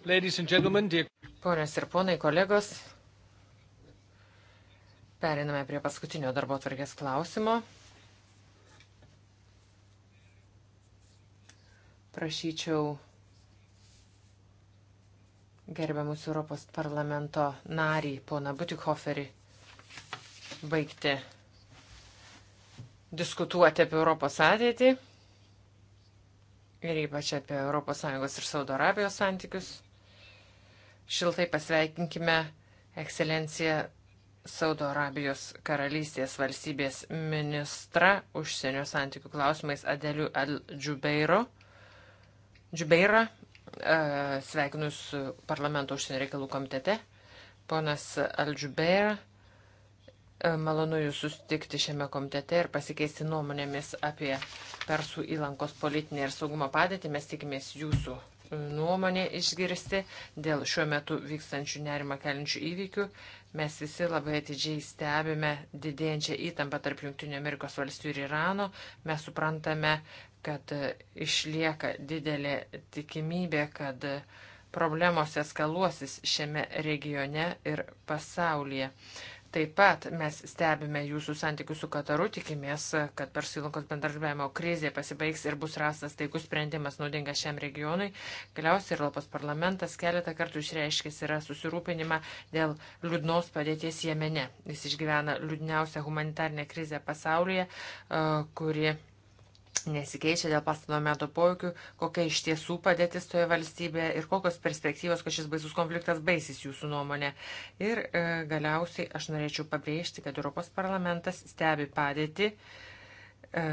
Ponios ir ponai, kolegos, periname prie paskutinio darbo tvarkės klausimo. Prašyčiau gerbiamus Europos parlamento narį, poną Butikhoferį, baigti diskutuoti apie Europos ateitį ir ypač apie ES ir Saudo Arabijos santykius. Šiltai pasveikinkime ekscelenciją Saudo Arabijos karalystės valstybės ministra užsienio santykių klausimais Adeliu Al-Džubeiro. Džubeira, e, sveikinu su parlamento užsienio reikalų komitete. Ponas Al-Džubeira, e, malonu jūs susitikti šiame komitete ir pasikeisti nuomonėmis apie Persų įlankos politinę ir saugumo padėtį. Mes tikimės jūsų nuomonę išgirsti dėl šiuo metu vykstančių nerimą kelinčių įvykių. Mes visi labai atidžiai stebime didėjančią įtampą tarp JAV ir Irano. Mes suprantame, kad išlieka didelė tikimybė, kad problemos eskaluosis šiame regione ir pasaulyje. Taip pat mes stebime jūsų santykius su Kataru, tikimės, kad Persilunkos bendradarbiavimo krizė pasibaigs ir bus rastas taikus sprendimas naudingas šiam regionui. Galiausiai Europos parlamentas keletą kartų išreiškęs yra susirūpinimą dėl liūdnos padėties Jemene. Jis išgyvena liūdniausią humanitarnę krizę pasaulyje, kuri nesikeičia dėl pastarojo meto poreikių, kokia iš tiesų padėtis toje valstybėje ir kokios perspektyvos, kad šis baisus konfliktas baisys jūsų nuomonė. Ir e, galiausiai aš norėčiau pabrėžti, kad Europos parlamentas stebi padėtį e, e,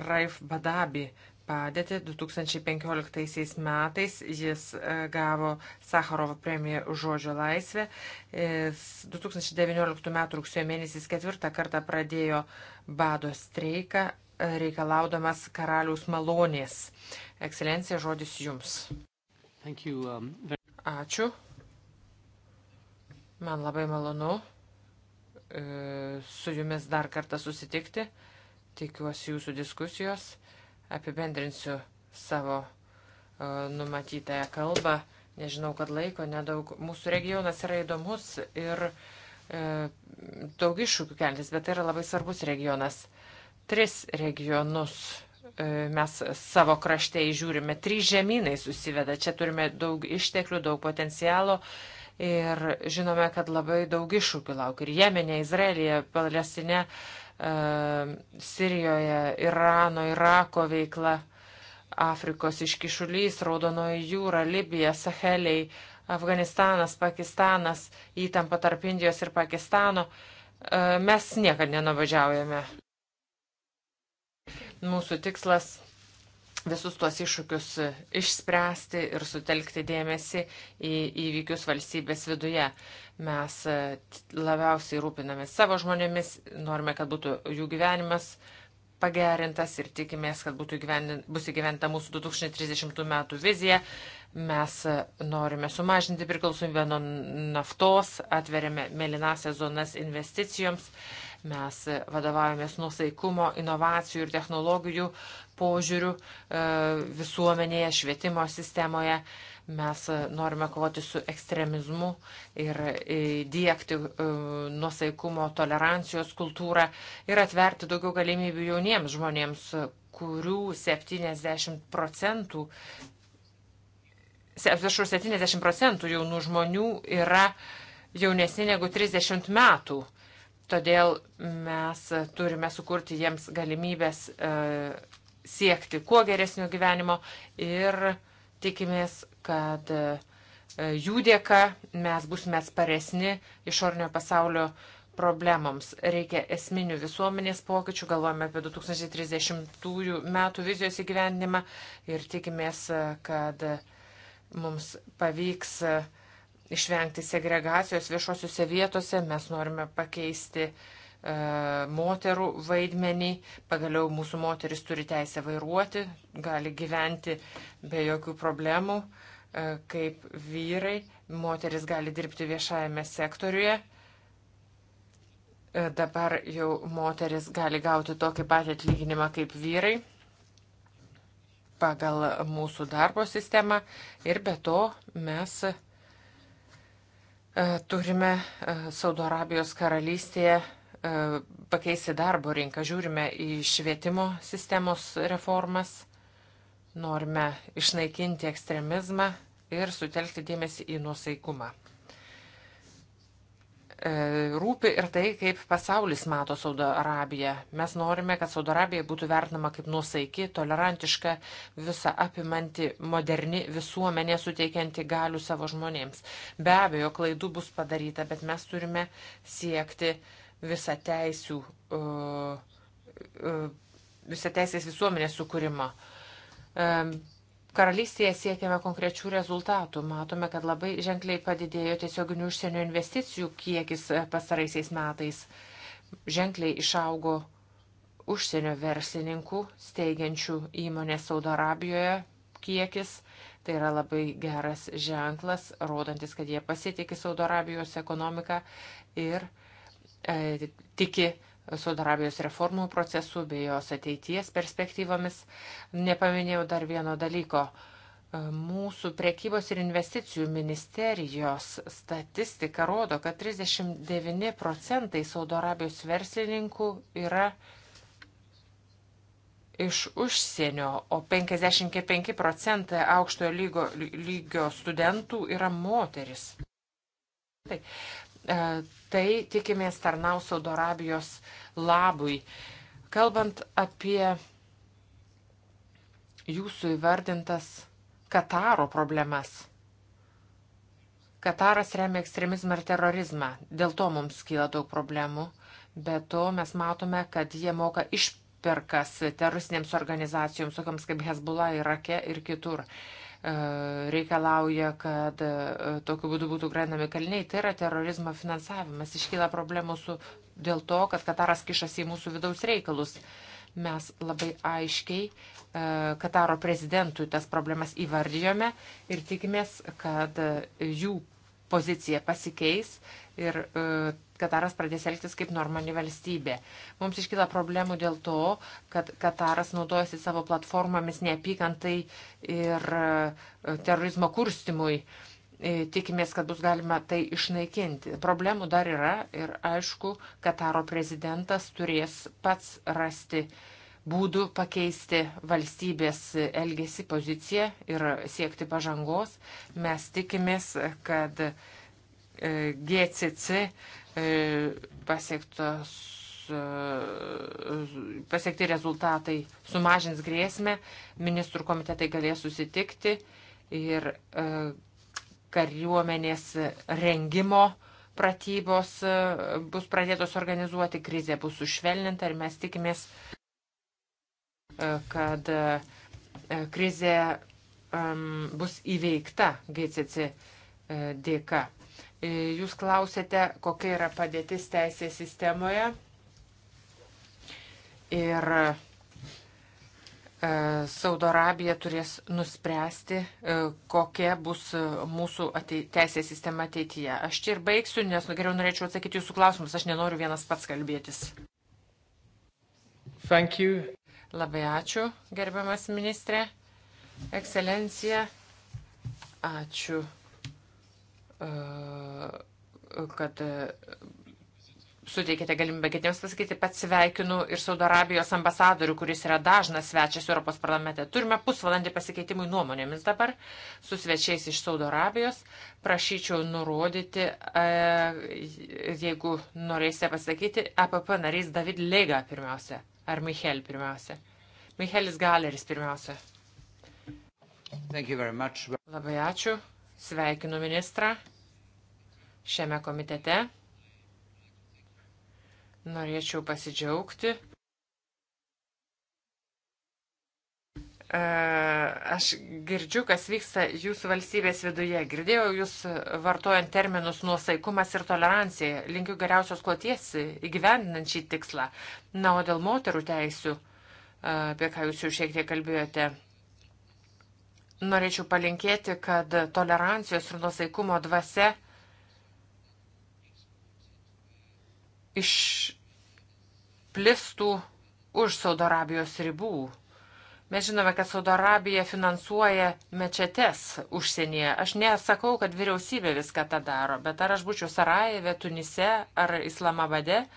Raif Badabi. Padėti 2015 metais jis e, gavo Sakharovo premiją už žodžio laisvę. 2019 e, m. rugsėjo mėnesį jis ketvirtą kartą pradėjo bado streiką reikalaudamas karaliaus malonės. Ekscelencija, žodis jums. Um, Ačiū. Man labai malonu e, su jumis dar kartą susitikti. Tikiuosi jūsų diskusijos. Apibendrinsiu savo e, numatytąją kalbą. Nežinau, kad laiko nedaug. Mūsų regionas yra įdomus ir e, daug iššūkių keltis, bet tai yra labai svarbus regionas. Tris regionus e, mes savo krašte įžiūrime, trys žemynai susiveda, čia turime daug išteklių, daug potencialo ir žinome, kad labai daug iššūkių laukia. Ir Jemenė, Izraelija, Palestinė, e, Sirijoje, Irano, Irako veikla, Afrikos iškišulys, Raudonoji jūra, Libija, Saheliai, Afganistanas, Pakistanas, įtampa tarp Indijos ir Pakistano. E, mes niekad nenuvažiaujame Mūsų tikslas visus tuos iššūkius išspręsti ir sutelkti dėmesį į įvykius valstybės viduje. Mes e, labiausiai rūpinamės savo žmonėmis, norime, kad būtų jų gyvenimas pagerintas ir tikimės, kad bus įgyventa mūsų 2030 metų vizija. Mes e, norime sumažinti priklausomybę nuo naftos, atveriame melinasias zonas investicijoms. Uh, Mes vadovaujamės nusaikumo, inovacijų ir technologijų požiūrių e, visuomenėje, švietimo sistemoje. Mes e, norime kovoti su ekstremizmu ir e, dėkti nusaikumo, tolerancijos kultūrą ir atverti daugiau galimybių jauniems žmonėms, kurių 70 procentų. Atsiprašau, 70 procentų jaunų žmonių yra jaunesni negu 30 metų. Uh, Todėl mes turime sukurti jiems galimybės e, siekti kuo geresnio gyvenimo ir tikimės, kad e, jų dėka mes busime sparesni išornio pasaulio problemoms. Reikia esminių visuomenės pokyčių, galvojame apie 2030 metų vizijos įgyvendinimą ir tikimės, kad mums pavyks uh, išvengti segregacijos viešosiuose vietose, mes norime pakeisti e, moterų vaidmenį, pagaliau mūsų moteris turi teisę vairuoti, gali gyventi be jokių problemų, e, kaip vyrai, moteris gali dirbti viešajame sektoriuje. E, dabar jau moteris gali gauti tokį patį atlyginimą kaip vyrai pagal mūsų darbo sistemą ir be to mes E, turime e, Saudo Arabijos karalystėje e, pakeisti darbo rinką, žiūrime į švietimo sistemos reformas, norime išnaikinti ekstremizmą ir sutelkti dėmesį į nusaikumą. E, rūpi ir tai, kaip pasaulis mato Saudo Arabiją. Mes norime, kad Saudo Arabija būtų vertinama kaip nusaiki, tolerantiška, visa apimanti, moderni visuomenė, suteikianti galių savo žmonėms. Be abejo, klaidų bus padaryta, bet mes turime siekti visą teisų, e, e, visą teisės visuomenės sukūrimo. Karalystėje siekiame konkrečių rezultatų. Matome, kad labai ženkliai padidėjo tiesioginių užsienio investicijų kiekis e, pastaraisiais metais. Ženkliai išaugo užsienio verslininkų steigiančių įmonės Saudo Arabijoje kiekis. Tai yra labai geras ženklas, rodantis, kad jie pasitikė Saudo Arabijos ekonomiką ir e, tiki Saudo Arabijos reformų procesu bei jos ateities perspektyvomis. Nepaminėjau dar vieno dalyko. Mūsų priekybos ir investicijų ministerijos statistika rodo, kad 39 procentai Saudo Arabijos verslininkų yra iš užsienio, o 55 procentai aukštojo lygo, lygio studentų yra moteris. Tai E, tai tikimės tarnaus Saudo Arabijos labui. Kalbant apie jūsų įvardintas Kataro problemas. Kataras remia ekstremizmą ir terorizmą. Dėl to mums kyla daug problemų. Be to mes matome, kad jie moka išperkas teroristinėms organizacijoms, tokiams kaip Hezbollah, Irake ir kitur. Ir E, reikalauja, kad e, tokiu būdu būtų grenami kaliniai. Tai yra terorizmo finansavimas. Iškyla problemų su, dėl to, kad Kataras kišasi į mūsų vidaus reikalus. Mes labai aiškiai e, Kataro prezidentui tas problemas įvardyjome ir tikimės, kad jų pozicija pasikeis ir e, Kataras pradės elgtis kaip normali valstybė. Mums iškyla problemų dėl to, kad Kataras naudojasi savo platformomis neapykantai ir e, terorizmo kurstimui. E, tikimės, kad bus galima tai išnaikinti. Problemų dar yra ir aišku, Kataro prezidentas turės pats rasti būdų pakeisti valstybės elgesį poziciją ir siekti pažangos. Mes tikimės, kad E, GCC e, pasiektos e, pasiekti rezultatai sumažins grėsmę, ministrų komitetai galės susitikti ir kariuomenės rengimo pratybos bus pradėtos organizuoti, krizė bus sušvelninta ir mes tikimės, kad krizė bus įveikta GCC dėka. E, jūs klausėte, kokia yra padėtis teisės sistemoje. Ir e, Saudo Arabija turės nuspręsti, e, kokia bus mūsų atei, teisės sistema ateityje. Aš čia ir baigsiu, nes nu, geriau norėčiau atsakyti jūsų klausimus, aš nenoriu vienas pats kalbėtis. Labai ačiū, gerbiamas ministrė, ekscelencija. Ačiū E, kad e, suteikėte galimybę kitiems pasakyti, pats sveikinu ir Saudo Arabijos ambasadorių, kuris yra dažnas svečias Europos parlamente. Turime pusvalandį pasikeitimui nuomonėmis dabar su svečiais iš Saudo Arabijos. Prašyčiau nurodyti, e, jeigu norėsite pasakyti, APP narys David Lega pirmiausia, ar Michel pirmiausia. Michelis Galeris pirmiausia. Labai ačiū. Sveikinu ministrą šiame komitete. Norėčiau pasidžiaugti. E, aš girdžiu, kas vyksta jūsų valstybės viduje. Girdėjau jūs vartojant terminus nuosaikumas ir tolerancija. Linkiu geriausios kloties įgyvendinant šį tikslą. Na, o dėl moterų teisių, e, apie ką jūs jau šiek tiek kalbėjote, Norėčiau palinkėti, kad tolerancijos ir nusaikumo dvasia išplistų už Saudo Arabijos ribų. Mes žinome, kad Saudo Arabija finansuoja mečetes užsienyje. Aš nesakau, kad vyriausybė viską tą daro, bet ar aš būčiau Sarajeve, Tunise ar Islamabade, uh,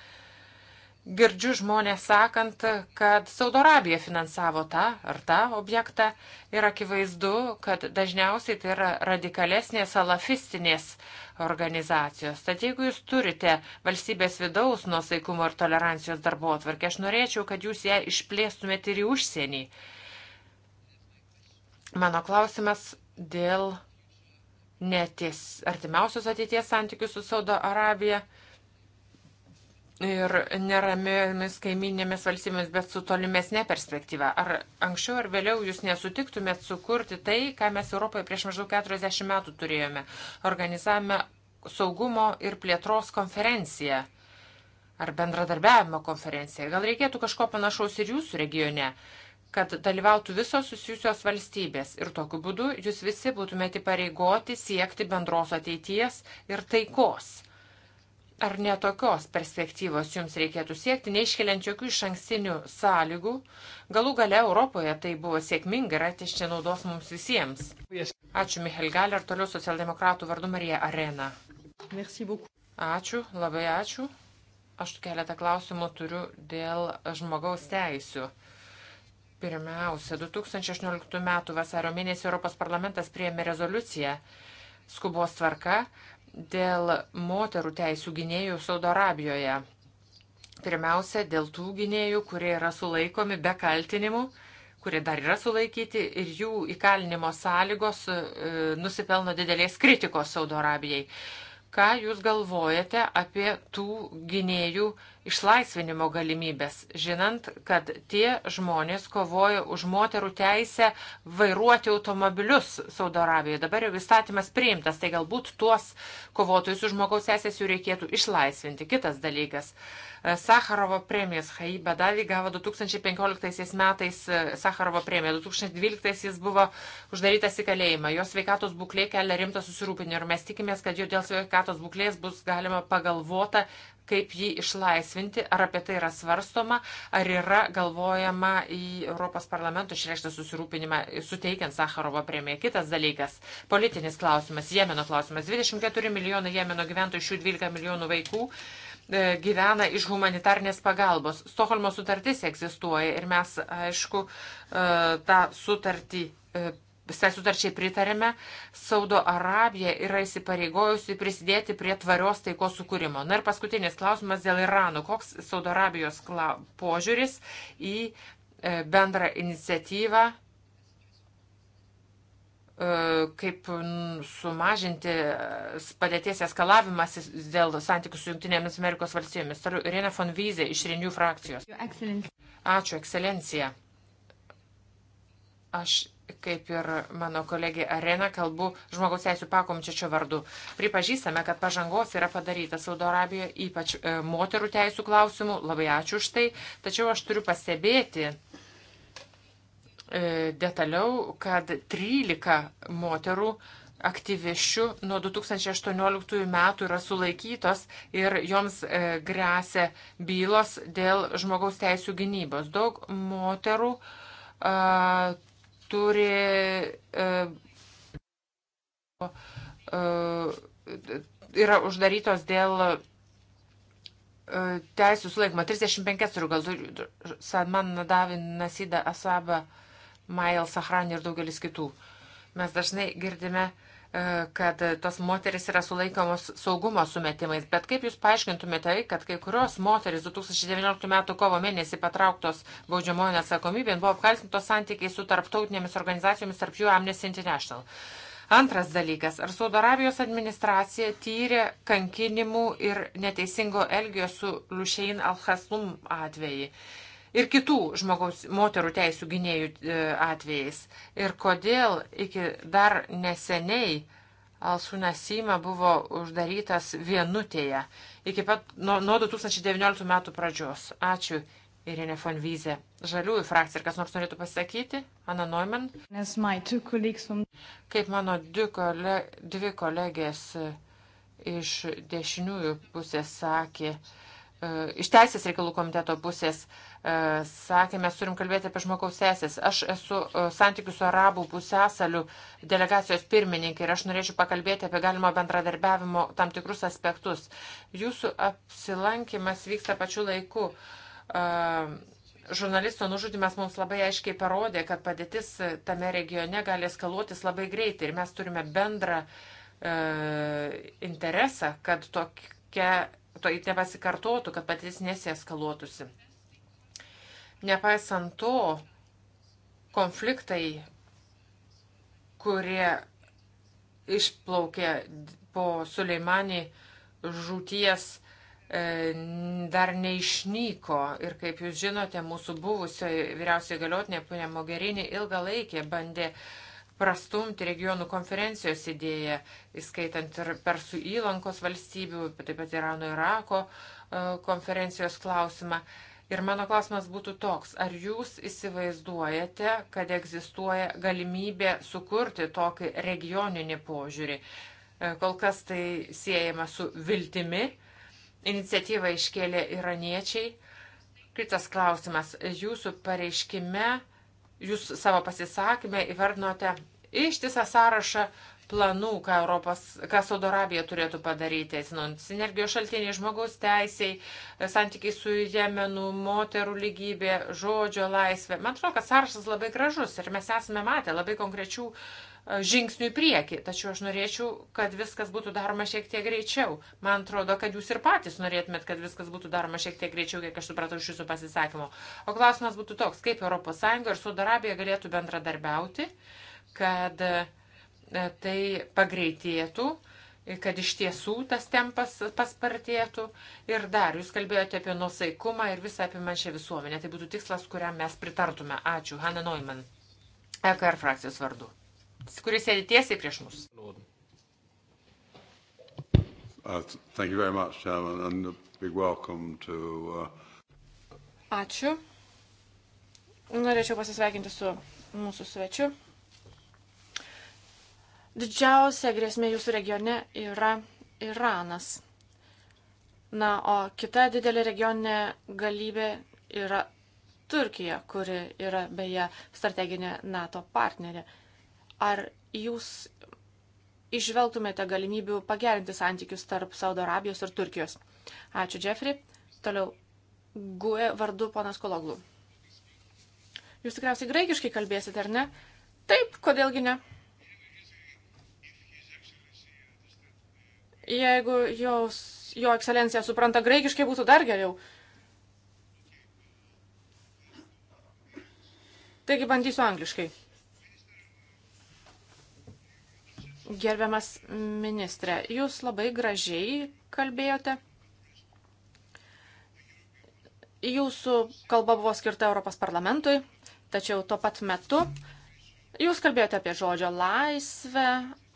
girdžiu žmonės sakant, kad Saudo Arabija finansavo tą ar tą objektą ir akivaizdu, kad dažniausiai tai yra radikalesnės salafistinės organizacijos. Tad jeigu jūs turite valstybės vidaus nuosaikumo ir tolerancijos darbo atvarkę, aš norėčiau, kad jūs ją išplėstumėte ir į užsienį. Mano klausimas dėl neties artimiausios ateities santykių su Saudo Arabija ir neramiomis kaiminėmis valstybėmis, bet su tolimesnė perspektyva. Ar anksčiau ar vėliau jūs nesutiktumėt sukurti tai, ką mes Europoje prieš maždaug 40 metų turėjome? Organizavome saugumo ir plėtros konferenciją ar bendradarbiavimo konferenciją. Gal reikėtų kažko panašaus ir jūsų regione? kad dalyvautų visos susijusios valstybės ir tokiu būdu jūs visi būtumėte pareigoti siekti bendros ateities ir taikos. Ar ne tokios perspektyvos jums reikėtų siekti, neiškeliant jokių iš ankstinių sąlygų? Galų gale Europoje tai buvo sėkminga ir ateš čia naudos mums visiems. Ačiū, Michael Galer, toliau socialdemokratų vardu Marija Arena. Ačiū, labai ačiū. Aš keletą klausimų turiu dėl žmogaus teisių. Pirmiausia, 2018 m. vasario mėnesį Europos parlamentas prieėmė rezoliuciją skubos tvarka dėl moterų teisų gynėjų Saudo Arabijoje. Pirmiausia, dėl tų gynėjų, kurie yra sulaikomi be kaltinimų, kurie dar yra sulaikyti ir jų įkalinimo sąlygos e, nusipelno didelės kritikos Saudo Arabijai. Ką Jūs galvojate apie tų gynėjų išlaisvinimo galimybės, žinant, kad tie žmonės kovojo už moterų teisę vairuoti automobilius Saudo Arabijoje. Dabar jau įstatymas priimtas, tai galbūt tuos kovotojus už žmogaus teisės jų reikėtų išlaisvinti. Kitas dalykas. E, Sakarovo premijas Hai Badali gavo 2015 metais Sakarovo premiją, 2012 jis buvo uždarytas į kalėjimą. Jo sveikatos būklė kelia rimtą susirūpinimą ir mes tikimės, kad jo dėl sveikatos būklės bus galima pagalvota kaip jį išlaisvinti, ar apie tai yra svarstoma, ar yra galvojama į Europos parlamento išreikštą susirūpinimą, suteikiant Sakarovo premiją. Kitas dalykas - politinis klausimas, Jemeno klausimas. 24 milijonai Jemeno gyventojų, iš jų 12 milijonų vaikų e, gyvena iš humanitarnės pagalbos. Stokholmo sutartis egzistuoja ir mes, aišku, e, tą sutartį e, visai sutarčiai pritarėme, Saudo Arabija yra įsipareigojusi prisidėti prie tvarios taikos sukūrimo. Na ir paskutinis klausimas dėl Irano. Koks Saudo Arabijos požiūris į e, bendrą iniciatyvą, e, kaip sumažinti e, padėties eskalavimas dėl santykių su Junktinėmis Amerikos valstybėmis. Toliau Irina von Vyzė iš Renių frakcijos. Ačiū, ekscelencija. Aš kaip ir mano kolegė Arena, kalbu žmogaus teisų pakomčičio vardu. Pripažįstame, kad pažangos yra padaryta Saudo Arabijoje, ypač e, moterų teisų klausimų. Labai ačiū už tai. Tačiau aš turiu pastebėti e, detaliau, kad 13 moterų aktyviščių nuo 2018 metų yra sulaikytos ir joms e, grėsia bylos dėl žmogaus teisų gynybos. Daug moterų e, turi e, e, yra uždarytos dėl e, teisų sulaikymo. 35 turiu gal, Salman Nadavin, Nasida Asaba, Mail Sahran ir daugelis kitų. Mes dažnai girdime uh, E, kad tos moteris yra sulaikomos saugumo sumetimais. Bet kaip Jūs paaiškintumėte tai, kad kai kurios moteris 2019 m. kovo mėnesį patrauktos baudžiamojo atsakomybėn buvo apkaltintos santykiai su tarptautinėmis organizacijomis, tarp jų Amnesty International. Antras dalykas. Ar Saudo Arabijos administracija tyrė kankinimų ir neteisingo elgio su Lušein Al-Haslum atvejį? ir kitų žmogaus moterų teisų gynėjų e, atvejais. Ir kodėl iki dar neseniai Alsuna Sima buvo uždarytas vienutėje iki pat nuo, nuo 2019 metų pradžios. Ačiū. Irene von Vyze. Žaliųjų frakcija, ar kas nors norėtų pasakyti? Ana Neumann. Kaip mano du kole, dvi kolegės e, iš dešiniųjų pusės sakė, e, iš teisės reikalų komiteto pusės E, sakė, mes turim kalbėti apie žmogaus teisės. Aš esu e, santykių su arabų pusėsalių delegacijos pirmininkė ir aš norėčiau pakalbėti apie galimo bendradarbiavimo tam tikrus aspektus. Jūsų apsilankimas vyksta pačiu laiku. E, žurnalisto nužudimas mums labai aiškiai parodė, kad padėtis tame regione gali eskaluotis labai greitai ir mes turime bendrą e, interesą, kad tokia, to nepasikartotų, kad padėtis nesieskaluotųsi. Nepaisant to, konfliktai, kurie išplaukė po Suleimanį žūties, e, dar neišnyko. Ir kaip jūs žinote, mūsų buvusioji vyriausiai galiotinė ponė Mogerinė ilgą laikę bandė prastumti regionų konferencijos idėją, įskaitant ir Persų įlankos valstybių, taip pat Irano Irako e, konferencijos klausimą. Ir mano klausimas būtų toks, ar jūs įsivaizduojate, kad egzistuoja galimybė sukurti tokį regioninį požiūrį? E, kol kas tai siejama su viltimi. Iniciatyvą iškėlė iraniečiai. Kitas klausimas. Jūsų pareiškime, jūs savo pasisakymę įvardinote ištisą sąrašą planų, ką, Europos, ką Saudo Arabija turėtų padaryti, atsinant sinergijos šaltiniai žmogaus teisiai, santykiai su Jemenu, moterų lygybė, žodžio laisvė. Man atrodo, kad sąrašas labai gražus ir mes esame matę labai konkrečių e, žingsnių į priekį, tačiau aš norėčiau, kad viskas būtų daroma šiek tiek greičiau. Man atrodo, kad jūs ir patys norėtumėt, kad viskas būtų daroma šiek tiek greičiau, kiek aš supratau iš jūsų pasisakymo. O klausimas būtų toks, kaip ES ir Saudarabija galėtų bendradarbiauti, kad uh, E, tai pagreitėtų, e, kad iš tiesų tas tempas paspartėtų. Ir dar, jūs kalbėjote apie nusaikumą ir visą apimančią visuomenę. Tai būtų tikslas, kuriam mes pritartume. Ačiū. Hanna Neumann, EKR frakcijos vardu, kuris sėdi tiesiai prieš mus. Uh, uh, Ačiū. Norėčiau pasisveikinti su mūsų svečiu. Didžiausia grėsmė jūsų regione yra Iranas. Na, o kita didelė regioninė galybė yra Turkija, kuri yra beje strateginė NATO partnerė. Ar jūs išvelgtumėte galimybių pagerinti santykius tarp Saudo Arabijos ir Turkijos? Ačiū, Jeffrey. Toliau, Gue vardu ponas Kologlų. Jūs tikriausiai graikiškai kalbėsite, ar ne? Taip, kodėlgi ne? Jeigu jos, jo ekscelencija supranta graikiškai, būtų dar geriau. Taigi bandysiu angliškai. Gerbiamas ministrė, jūs labai gražiai kalbėjote. Jūsų kalba buvo skirta Europos parlamentui, tačiau tuo pat metu Jūs kalbėjote apie žodžio laisvę,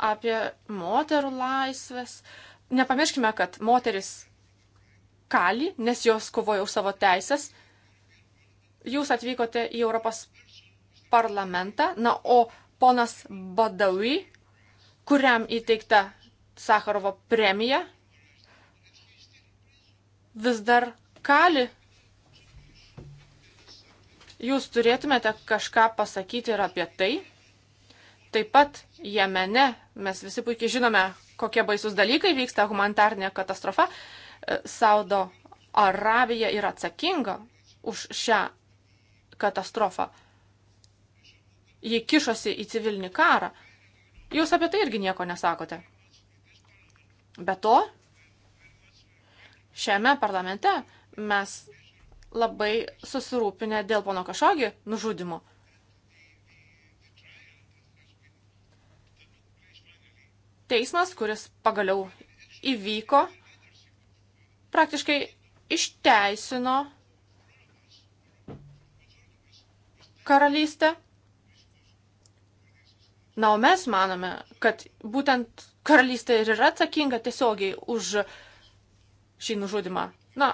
apie moterų laisvės. Nepamirškime, kad moteris kali, nes jos kovoja už savo teisės. Jūs atvykote į Europos parlamentą, na, o ponas Badawi, kuriam įteikta Sakarovo premija, vis dar kali. Jūs turėtumėte kažką pasakyti ir apie tai. Taip pat Jemene mes visi puikiai žinome, kokie baisus dalykai vyksta, humanitarnė katastrofa. E, Saudo Arabija yra atsakinga už šią katastrofą. Ji kišosi į civilinį karą. Jūs apie tai irgi nieko nesakote. Be to, šiame parlamente mes labai susirūpinę dėl pono Kašogi nužudimo. teismas, kuris pagaliau įvyko, praktiškai išteisino karalystę. Na, o mes manome, kad būtent karalystė ir yra atsakinga tiesiogiai už šį nužudimą. Na,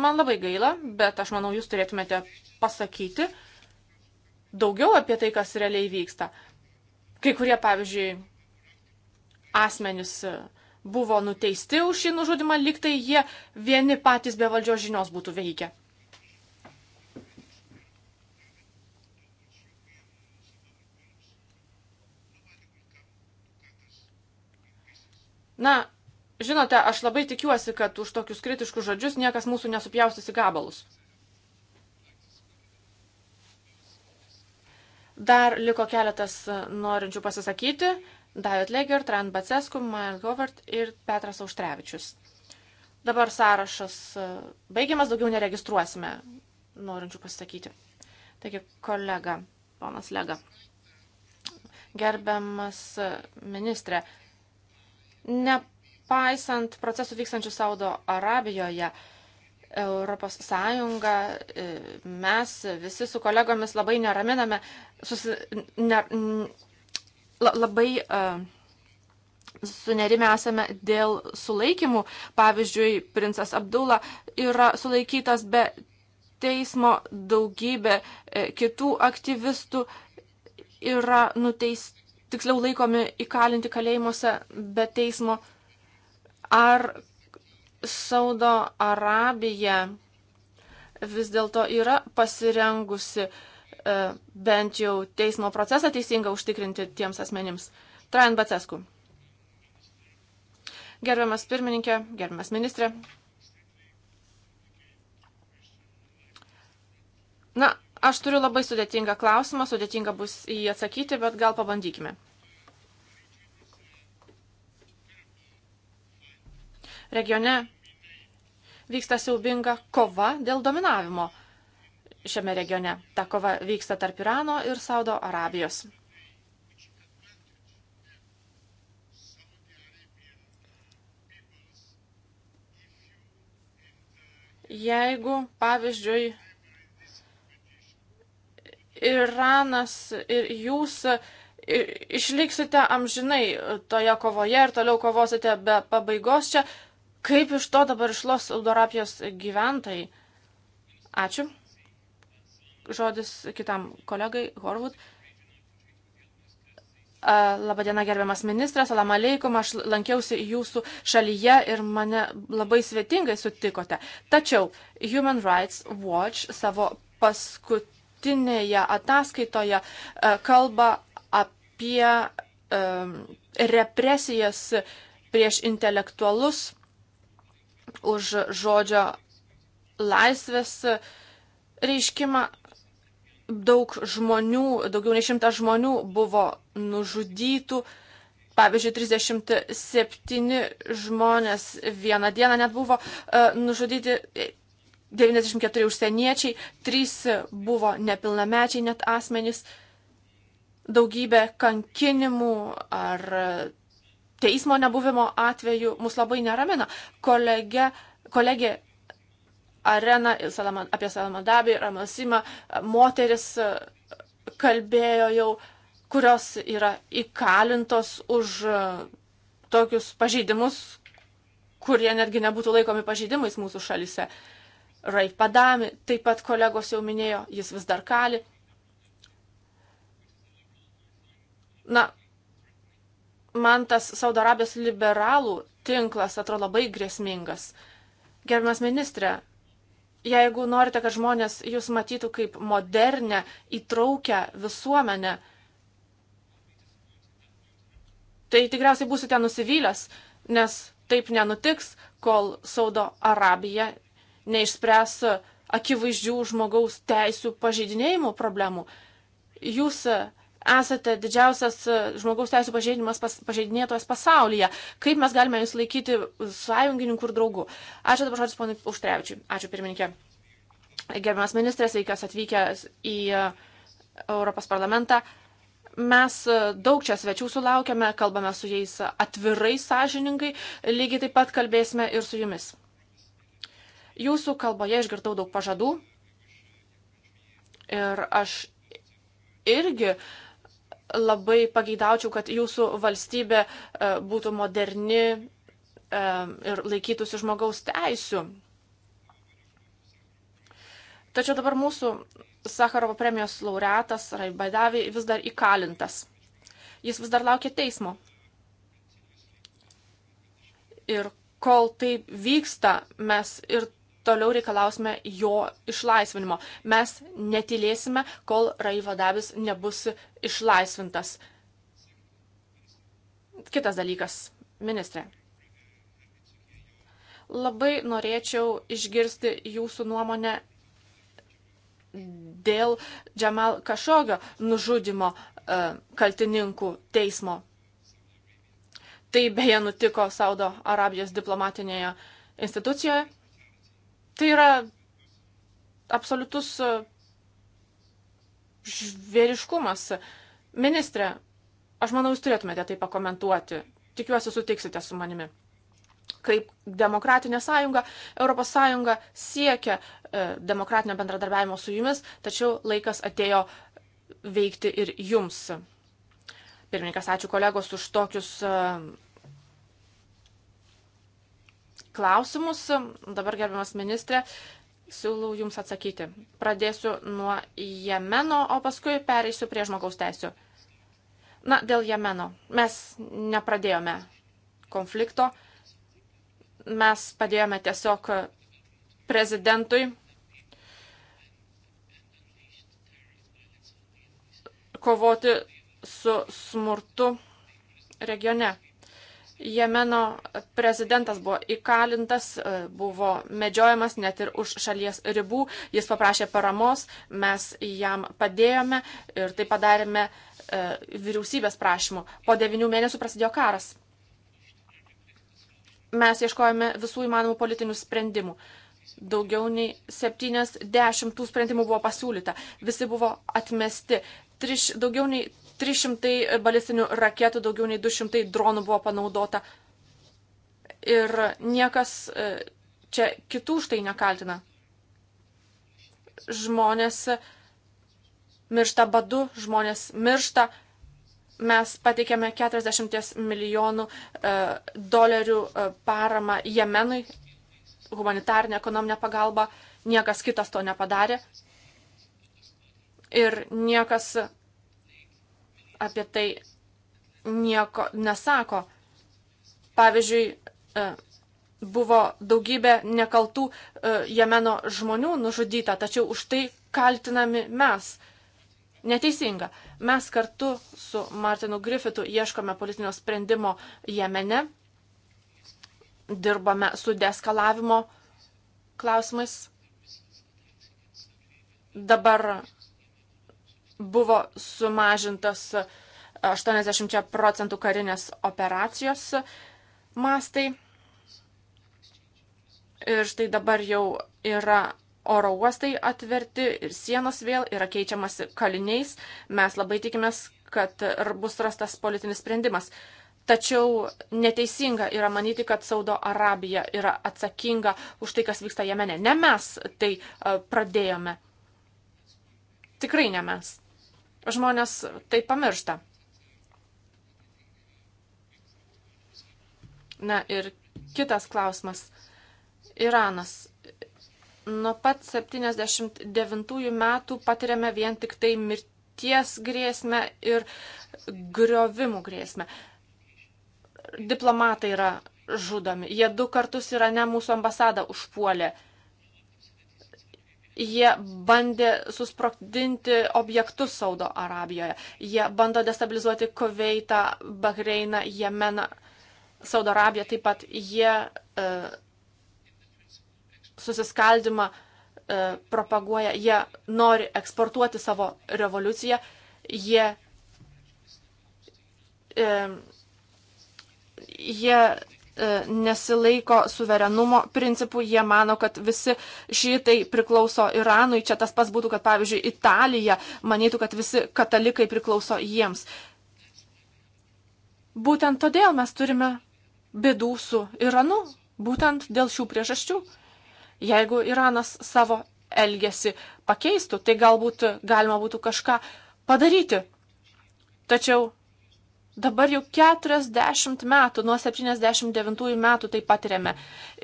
man labai gaila, bet aš manau, jūs turėtumėte pasakyti daugiau apie tai, kas realiai vyksta. Kai kurie, pavyzdžiui, asmenys e, buvo nuteisti už šį nužudimą, liktai jie vieni patys be valdžios žinios būtų veikę. Na, žinote, aš labai tikiuosi, kad už tokius kritiškus žodžius niekas mūsų nesupjaustys į gabalus. Dar liko keletas e, norinčių pasisakyti. David Leger, Tran Bacescu, Majan Govart ir Petras Auštrevičius. Dabar sąrašas e, baigiamas, daugiau neregistruosime norinčių pasakyti. Taigi, kolega, ponas Lega. Gerbiamas e, ministrė, nepaisant procesų vykstančių Saudo Arabijoje, Europos Sąjunga, e, mes visi su kolegomis labai neraminame, susi, ne, labai sunerime esame dėl sulaikymų. Pavyzdžiui, princas Abdullah yra sulaikytas be teismo, daugybė e, kitų aktyvistų yra nuteisti, tiksliau laikomi įkalinti kalėjimuose be teismo. Ar Saudo Arabija vis dėlto yra pasirengusi uh, E, bent jau teismo procesą teisingą užtikrinti tiems asmenims. Trajan Bacesku. Gerbiamas pirmininkė, gerbiamas ministrė. Na, aš turiu labai sudėtingą klausimą, sudėtinga bus jį atsakyti, bet gal pabandykime. Regione vyksta siaubinga kova dėl dominavimo šiame regione. Ta kova vyksta tarp Irano ir Saudo Arabijos. Jeigu, pavyzdžiui, Iranas ir jūs išliksite amžinai toje kovoje ir toliau kovosite be pabaigos čia, kaip iš to dabar išlos Saudo Arabijos gyventojai? Ačiū žodis kitam kolegai Horvud. Labadiena, gerbiamas ministras, alam aleikum, aš lankiausi jūsų šalyje ir mane labai svetingai sutikote. Tačiau Human Rights Watch savo paskutinėje ataskaitoje kalba apie represijas prieš intelektualus už žodžio laisvės reiškimą daug žmonių, daugiau nei šimtas žmonių buvo nužudytų. Pavyzdžiui, 37 žmonės vieną dieną net buvo uh, nužudyti, 94 e, užsieniečiai, 3 buvo nepilnamečiai net asmenys, daugybė kankinimų ar teismo nebuvimo atveju mus labai neramina. Kolegė, kolegė areną, Salaman, apie Salamadabį ir Amasimą, moteris e, kalbėjo jau, kurios yra įkalintos už e, tokius pažeidimus, kurie netgi nebūtų laikomi pažeidimais mūsų šalise. Raipadami, taip pat kolegos jau minėjo, jis vis dar kali. Na, man tas Saudarabijos liberalų tinklas atrodo labai grėsmingas. Gerbiamas ministrė, Jeigu norite, kad žmonės jūs matytų kaip modernę, įtraukę visuomenę, tai tikriausiai būsite nusivylęs, nes taip nenutiks, kol Saudo Arabija neišspręs akivaizdžių žmogaus teisų pažeidinėjimų problemų. Jūs esate didžiausias e, žmogaus teisų pažeidimas pas, pažeidinėtojas pasaulyje. Kaip mes galime jūs laikyti sąjungininkų ir draugų? Ačiū dabar žodis ponui Užtrevičiui. Ačiū pirmininkė. Gerbiamas ministrės, sveikas atvykęs į e, Europos parlamentą. Mes e, daug čia svečių sulaukėme, kalbame su jais atvirai, sąžiningai, lygiai taip pat kalbėsime ir su jumis. Jūsų kalboje išgirdau daug pažadų ir aš irgi uh, labai pageidaučiau, kad jūsų valstybė e, būtų moderni e, ir laikytųsi žmogaus teisių. Tačiau dabar mūsų Sakarovo premijos laureatas Raibadavi vis dar įkalintas. Jis vis dar laukia teismo. Ir kol tai vyksta, mes ir toliau reikalausime jo išlaisvinimo. Mes netilėsime, kol Raiva Dabis nebus išlaisvintas. Kitas dalykas, ministrė. Labai norėčiau išgirsti jūsų nuomonę dėl Džamal Kašogio nužudimo e, kaltininkų teismo. Tai beje nutiko Saudo Arabijos diplomatinėje institucijoje. Tai yra absoliutus e, žvėriškumas. Ministrė, aš manau, jūs turėtumėte tai pakomentuoti. Tikiuosi, sutiksite su manimi. Kaip demokratinė sąjunga, ES siekia e, demokratinio bendradarbiavimo su jumis, tačiau laikas atėjo veikti ir jums. Pirmininkas, ačiū kolegos už tokius e, klausimus. Dabar, gerbiamas ministrė, siūlau Jums atsakyti. Pradėsiu nuo Jemeno, o paskui pereisiu prie žmogaus teisų. Na, dėl Jemeno. Mes nepradėjome konflikto. Mes padėjome tiesiog prezidentui kovoti su smurtu regione. Jemeno prezidentas buvo įkalintas, e, buvo medžiojamas net ir už šalies ribų. Jis paprašė paramos, mes jam padėjome ir tai padarėme e, vyriausybės prašymu. Po devinių mėnesių prasidėjo karas. Mes ieškojame visų įmanomų politinių sprendimų. Daugiau nei 70 sprendimų buvo pasiūlyta. Visi buvo atmesti. Triš, daugiau nei 300 balistinių raketų, daugiau nei 200 dronų buvo panaudota. Ir niekas e, čia kitų štai nekaltina. Žmonės miršta badu, žmonės miršta. Mes pateikėme 40 milijonų e, dolerių e, paramą Jemenui, humanitarinę ekonominę pagalbą. Niekas kitas to nepadarė. Ir niekas apie tai nieko nesako. Pavyzdžiui, e, buvo daugybė nekaltų e, Jemeno žmonių nužudyta, tačiau už tai kaltinami mes. Neteisinga. Mes kartu su Martinu Griffitu ieškome politinio sprendimo Jemene, dirbame su deskalavimo klausimais. Dabar buvo sumažintas 80 procentų karinės operacijos mastai. Ir štai dabar jau yra oro uostai atverti ir sienos vėl yra keičiamasi kaliniais. Mes labai tikimės, kad bus rastas politinis sprendimas. Tačiau neteisinga yra manyti, kad Saudo Arabija yra atsakinga už tai, kas vyksta Jemene. Ne mes tai pradėjome. Tikrai ne mes žmonės tai pamiršta. Na ir kitas klausimas. Iranas. Nuo pat 79 metų patiriame vien tik tai mirties grėsmę ir griovimų grėsmę. Diplomatai yra žudomi. Jie du kartus Irane mūsų ambasadą užpuolė. Jie bandė susprogdinti objektus Saudo Arabijoje. Jie bando destabilizuoti Kuveitą, Bahreiną, Jemeną, Saudo Arabiją. Taip pat jie e, susiskaldimą e, propaguoja. Jie nori eksportuoti savo revoliuciją. Jie, e, jie E, nesilaiko suverenumo principų, jie mano, kad visi šitai priklauso Iranui, čia tas pats būtų, kad pavyzdžiui Italija manytų, kad visi katalikai priklauso jiems. Būtent todėl mes turime bėdų su Iranu, būtent dėl šių priežasčių. Jeigu Iranas savo elgesį pakeistų, tai galbūt galima būtų kažką padaryti. Tačiau Dabar jau 40 metų, nuo 79 metų tai patiriame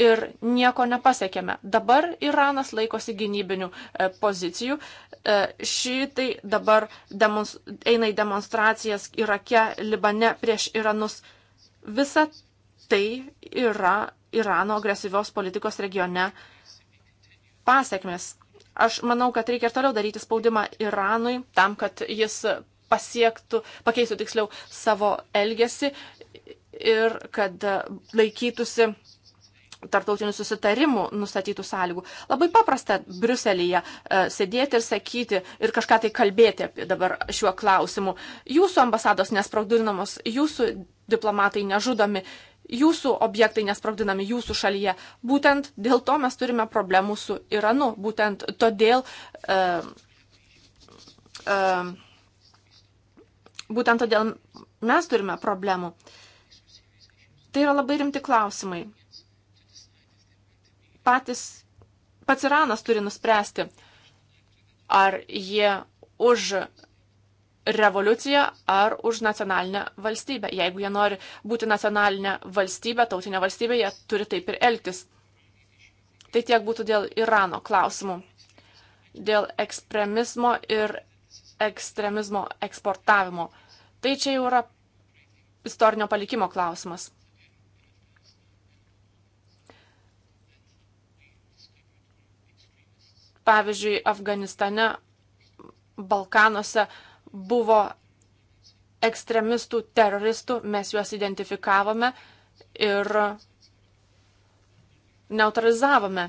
ir nieko nepasiekėme. Dabar Iranas laikosi gynybinių e, pozicijų. E, šitai dabar eina į demonstracijas Irake, Libane prieš Iranus. Visa tai yra Irano agresyvios politikos regione pasiekmes. Aš manau, kad reikia ir toliau daryti spaudimą Iranui tam, kad jis pasiektų, pakeistų tiksliau savo elgesį ir kad laikytųsi tartautinių susitarimų nustatytų sąlygų. Labai paprasta Briuselyje e, sėdėti ir sakyti ir kažką tai kalbėti apie dabar šiuo klausimu. Jūsų ambasados nesprogdinamos, jūsų diplomatai nežudomi, jūsų objektai nesprogdinami jūsų šalyje. Būtent dėl to mes turime problemų su Iranu. Būtent todėl. Uh, uh, Būtent todėl mes turime problemų. Tai yra labai rimti klausimai. Patys, pats Iranas turi nuspręsti, ar jie už revoliuciją ar už nacionalinę valstybę. Jeigu jie nori būti nacionalinę valstybę, tautinę valstybę, jie turi taip ir elgtis. Tai tiek būtų dėl Irano klausimų. Dėl ekstremizmo ir ekstremizmo eksportavimo. Tai čia jau yra istorinio palikimo klausimas. Pavyzdžiui, Afganistane, Balkanuose buvo ekstremistų, teroristų, mes juos identifikavome ir neutralizavome.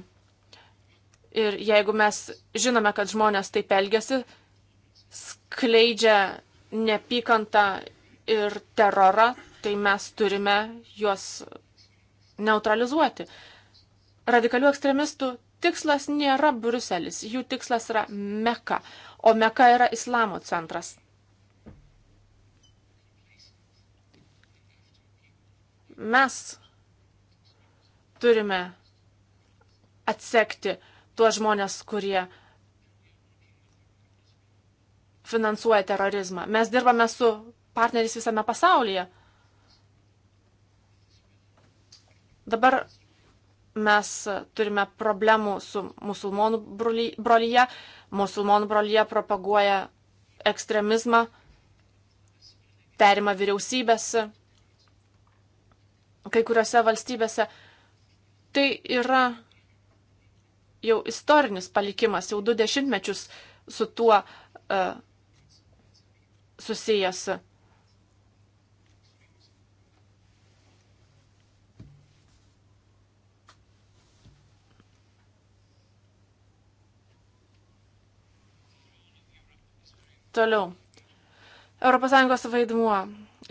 Ir jeigu mes žinome, kad žmonės taip elgesi, skleidžia nepykantą ir terorą, tai mes turime juos neutralizuoti. Radikalių ekstremistų tikslas nėra Bruselis, jų tikslas yra Meka, o Meka yra islamo centras. Mes turime atsekti tuos žmonės, kurie finansuoja terorizmą. Mes dirbame su partneriais visame pasaulyje. Dabar mes turime problemų su musulmonų brolyje. Musulmonų brolyje propaguoja ekstremizmą, perima vyriausybės kai kuriuose valstybėse. Tai yra jau istorinis palikimas, jau du dešimtmečius su tuo uh, susijęs. Toliau. ES vaidmuo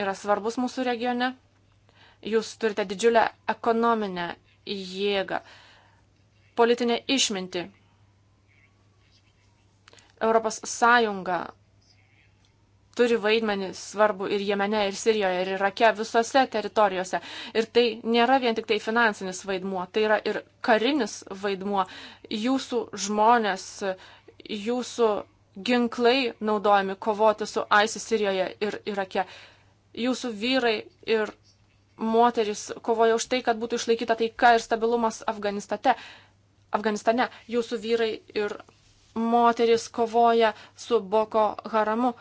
yra svarbus mūsų regione. Jūs turite didžiulę ekonominę jėgą, politinę išmintį. ES turi vaidmenį svarbu ir Jemene, ir Sirijoje, ir Irake, visose teritorijose. Ir tai nėra vien tik tai finansinis vaidmuo, tai yra ir karinis vaidmuo. Jūsų žmonės, jūsų ginklai naudojami kovoti su ISIS Sirijoje ir Irake. Jūsų vyrai ir moteris kovoja už tai, kad būtų išlaikyta taika ir stabilumas Afganistate. Afganistane jūsų vyrai ir moteris kovoja su Boko Haramu.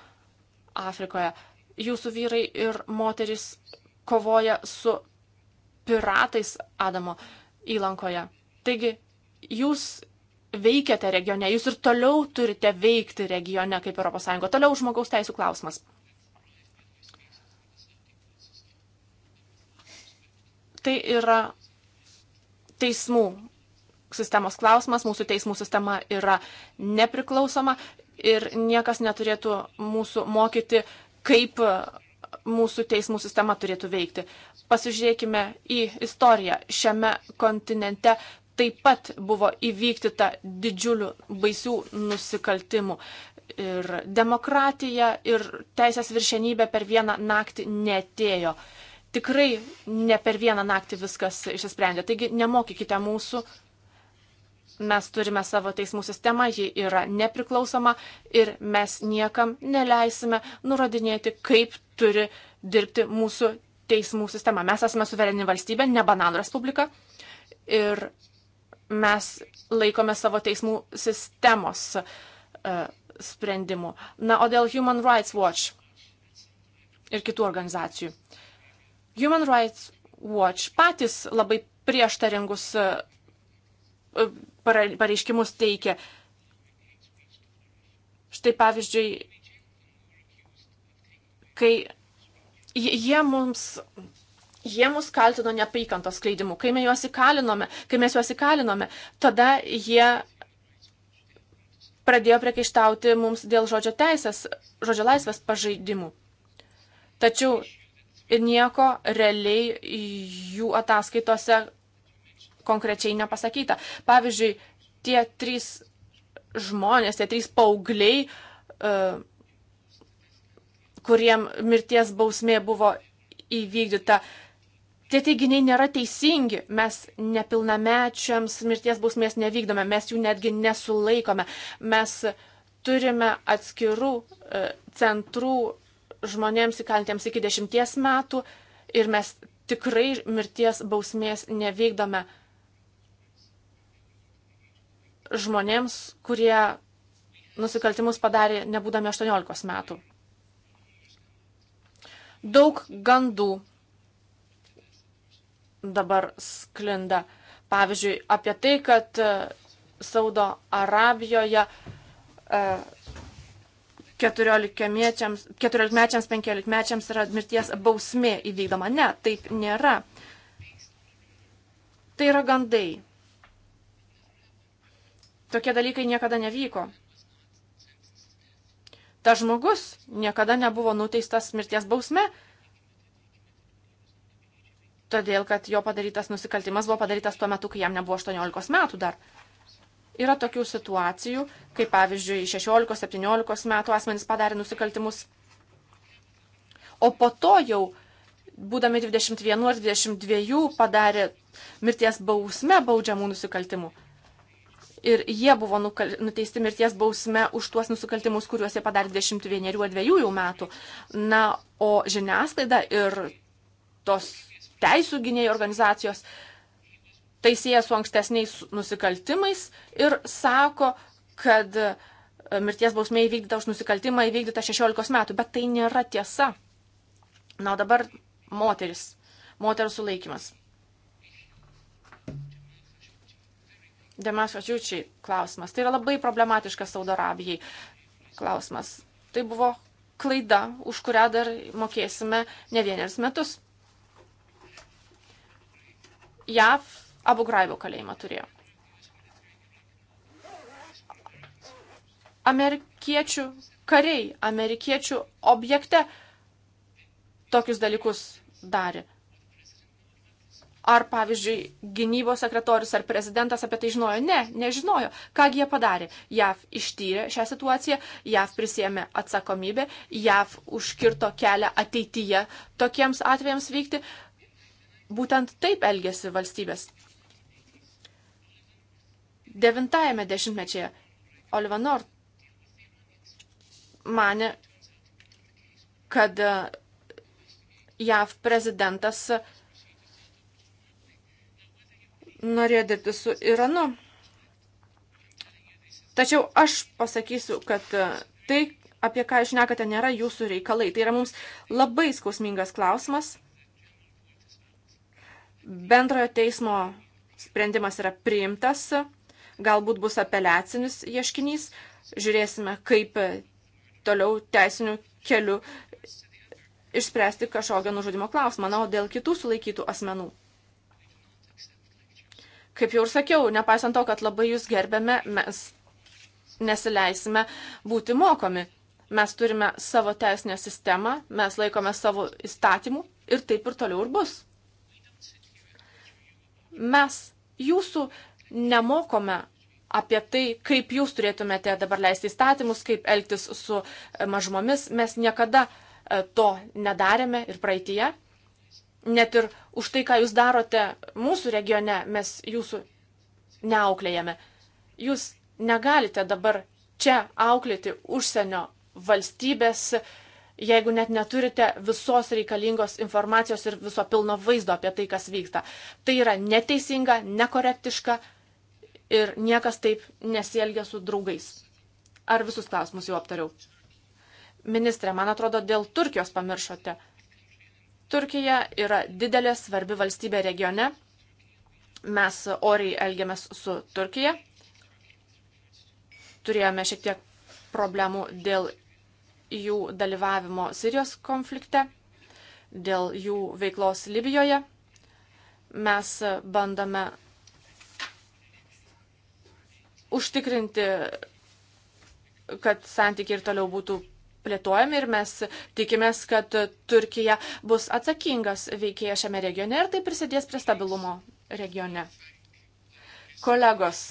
Afrikoje. Jūsų vyrai ir moteris kovoja su piratais Adamo įlankoje. Taigi, jūs veikiate regione, jūs ir toliau turite veikti regione kaip ES. Toliau žmogaus teisų klausimas. Tai yra teismų sistemos klausimas, mūsų teismų sistema yra nepriklausoma ir niekas neturėtų mūsų mokyti, kaip mūsų teismų sistema turėtų veikti. Pasižiūrėkime į istoriją. Šiame kontinente taip pat buvo įvykdyta didžiulių baisių nusikaltimų. Ir demokratija, ir teisės viršenybė per vieną naktį netėjo. Tikrai ne per vieną naktį viskas išsisprendė. Taigi nemokykite mūsų Mes turime savo teismų sistemą, ji yra nepriklausoma ir mes niekam neleisime nurodinėti, kaip turi dirbti mūsų teismų sistema. Mes esame suvereni valstybė, ne bananų respublika ir mes laikome savo teismų sistemos uh, e, sprendimų. Na, o dėl Human Rights Watch ir kitų organizacijų. Human Rights Watch patys labai prieštaringus e, pareiškimus teikia. Štai pavyzdžiui, kai jie mums Jie mus kaltino neapykantos skleidimu. Kai mes juos įkalinome, kai mes juos įkalinome, tada jie pradėjo priekaištauti mums dėl žodžio teisės, žodžio laisvės pažeidimų. Tačiau nieko realiai jų ataskaitose konkrečiai nepasakyta. Pavyzdžiui, tie trys žmonės, tie trys paaugliai, e, kuriem mirties bausmė buvo įvykdyta. Tie teiginiai nėra teisingi. Mes nepilnamečiams mirties bausmės nevykdome, mes jų netgi nesulaikome. Mes turime atskirų e, centrų žmonėms įkalintiems iki dešimties metų ir mes tikrai mirties bausmės nevykdome žmonėms, kurie nusikaltimus padarė nebūdami 18 metų. Daug gandų dabar sklinda. Pavyzdžiui, apie tai, kad e, Saudo Arabijoje 14-mečiams, e, 15-mečiams yra mirties bausmė įvykdoma. Ne, taip nėra. Tai yra gandai tokie dalykai niekada nevyko. Ta žmogus niekada nebuvo nuteistas mirties bausme, todėl kad jo padarytas nusikaltimas buvo padarytas tuo metu, kai jam nebuvo 18 metų dar. Yra tokių situacijų, kai pavyzdžiui 16-17 metų asmenys padarė nusikaltimus, o po to jau būdami 21 ar 22 padarė mirties bausme baudžiamų nusikaltimų ir jie buvo nukal... nuteisti mirties bausme už tuos nusikaltimus, kuriuos jie padarė 21 ar 2 jau metų. Na, o žiniasklaida ir tos teisų gynėjų organizacijos tai sieja su ankstesniais nusikaltimais ir sako, kad e, mirties bausmė įvykdyta už nusikaltimą įvykdyta 16 metų, bet tai nėra tiesa. Na, o dabar moteris, moterų sulaikimas. Demašo Čiūčiai klausimas. Tai yra labai problematiškas Saudo Arabijai klausimas. Tai buvo klaida, už kurią dar mokėsime ne vienerius metus. JAV Abu Graibo kalėjimą turėjo. Amerikiečių kariai, amerikiečių objekte tokius dalykus darė. Ar, pavyzdžiui, gynybos sekretorius ar prezidentas apie tai žinojo? Ne, nežinojo. Kągi jie padarė? JAV ištyrė šią situaciją, JAV prisėmė atsakomybę, JAV užkirto kelią ateityje tokiems atvejams vykti. Būtent taip elgėsi valstybės. Devintajame dešimtmečioje Oliva Nord mane, kad e, JAV prezidentas uh, norėjo dirbti su Iranu. Tačiau aš pasakysiu, kad e, tai, apie ką išnekate, nėra jūsų reikalai. Tai yra mums labai skausmingas klausimas. Bendrojo teismo sprendimas yra priimtas, galbūt bus apeliacinis ieškinys, žiūrėsime, kaip toliau teisiniu keliu išspręsti kažkokią nužudimo klausimą, na, o dėl kitų sulaikytų asmenų. Kaip jau ir sakiau, nepaisant to, kad labai jūs gerbėme, mes nesileisime būti mokomi. Mes turime savo teisinę sistemą, mes laikome savo įstatymų ir taip ir toliau ir bus. Mes jūsų nemokome apie tai, kaip jūs turėtumėte dabar leisti įstatymus, kaip elgtis su mažmomis. Mes niekada e, to nedarėme ir praeitie. Net ir už tai, ką jūs darote mūsų regione, mes jūsų neauklėjame. Jūs negalite dabar čia auklėti užsienio valstybės, jeigu net neturite visos reikalingos informacijos ir viso pilno vaizdo apie tai, kas vyksta. Tai yra neteisinga, nekorektiška ir niekas taip nesielgia su draugais. Ar visus klausimus jau aptariau? Ministrė, man atrodo, dėl Turkijos pamiršote Turkija yra didelė svarbi valstybė regione. Mes oriai elgiamės su Turkija. Turėjome šiek tiek problemų dėl jų dalyvavimo Sirijos konflikte, dėl jų veiklos Libijoje. Mes bandome užtikrinti, kad santykiai ir toliau būtų plėtojami ir mes tikimės, kad Turkija bus atsakingas veikėjas šiame regione ir tai prisidės prie stabilumo regione. Kolegos,